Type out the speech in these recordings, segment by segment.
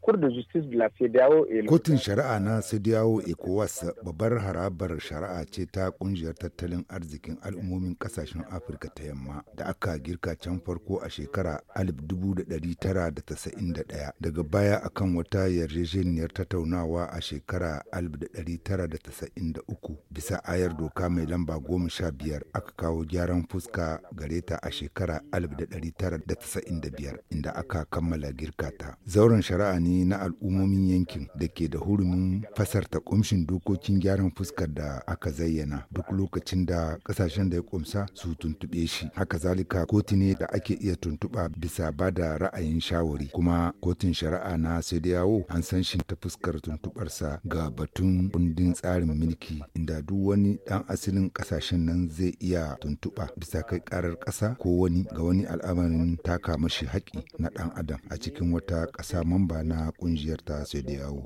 Kotun shari'a na Sediyawo ECOWAS babbar harabar shari'a ce ta kungiyar tattalin arzikin al'ummomin kasashen Afirka ta yamma da aka girka can farko a shekara 1991 daga baya akan wata yarjejeniyar tattaunawa a shekara 1993 bisa ayar doka mai lamba 15 aka kawo gyaran fuska gare ta a shekara 1995 inda aka kammala girka ta. Zauren shari'a mutane na al'ummomin yankin da ke da hurumin fasarta kumshin dokokin gyaran fuskar da aka zayyana duk lokacin da kasashen da ya kumsa su tuntube shi haka zalika kotu ne da ake iya tuntuba bisa ba da ra'ayin shawari kuma kotun shari'a na yawo an san shi ta fuskar tuntubarsa ga batun kundin tsarin mulki inda duk wani dan asalin kasashen nan zai iya tuntuba bisa kai karar kasa ko wani ga wani al'amarin taka mashi haƙi na dan adam a cikin wata ƙasa mamba na kungiyar ta yawo.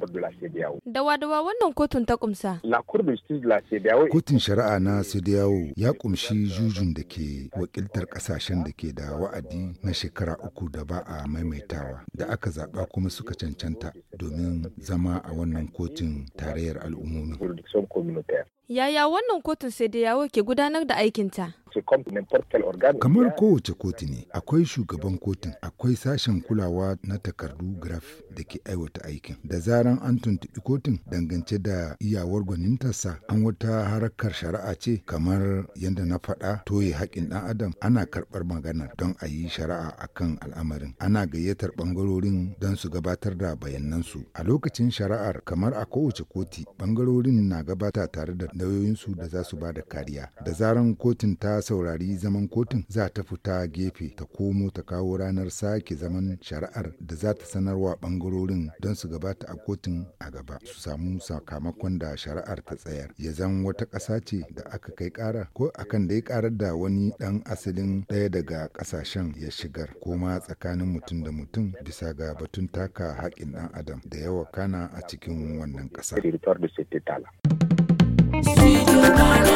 Dawa-dawa wannan kotun ta kumsa. Kotun shari'a na sediyawo ya kumshi jujun da ke wakiltar kasashen da ke da wa'adi na shekara uku da ba a maimaitawa da aka zaɓa kuma suka cancanta domin zama a wannan kotun tarayyar al'ummomi. Yaya wannan kotun sai da yawo ke gudanar da aikinta? Kamar kowace kotu ne, akwai shugaban kotun, akwai sashen kulawa na takardu graf da ke aiwata aikin. Da zaran an tuntuɓi kotun dangance da iyawar gwanintarsa an wata harakar shari'a ce kamar yadda na faɗa toye haƙƙin ɗan adam ana karɓar magana don a yi shari'a kan al'amarin. Ana gayyatar ɓangarorin don su gabatar da bayanansu. A lokacin shari'ar kamar a kowace kotu ɓangarorin na gabata tare da lauyoyinsu da za su ba da kariya. Da zaran kotun ta saurari zaman kotun za ta fita gefe ta komo ta kawo ranar sake zaman shari'ar da za ta sanarwa bangarorin don su gabata a kotun a gaba su samu sakamakon da shari'ar ta tsayar ya zan wata ƙasa ce da aka kai ƙara ko akan da ya ƙarar da wani ɗan asalin ɗaya daga ƙasashen ya shigar ko ma tsakanin mutum da mutum bisa ga batun taka haƙƙin ɗan adam da yawa kana a cikin wannan ƙasa. Studio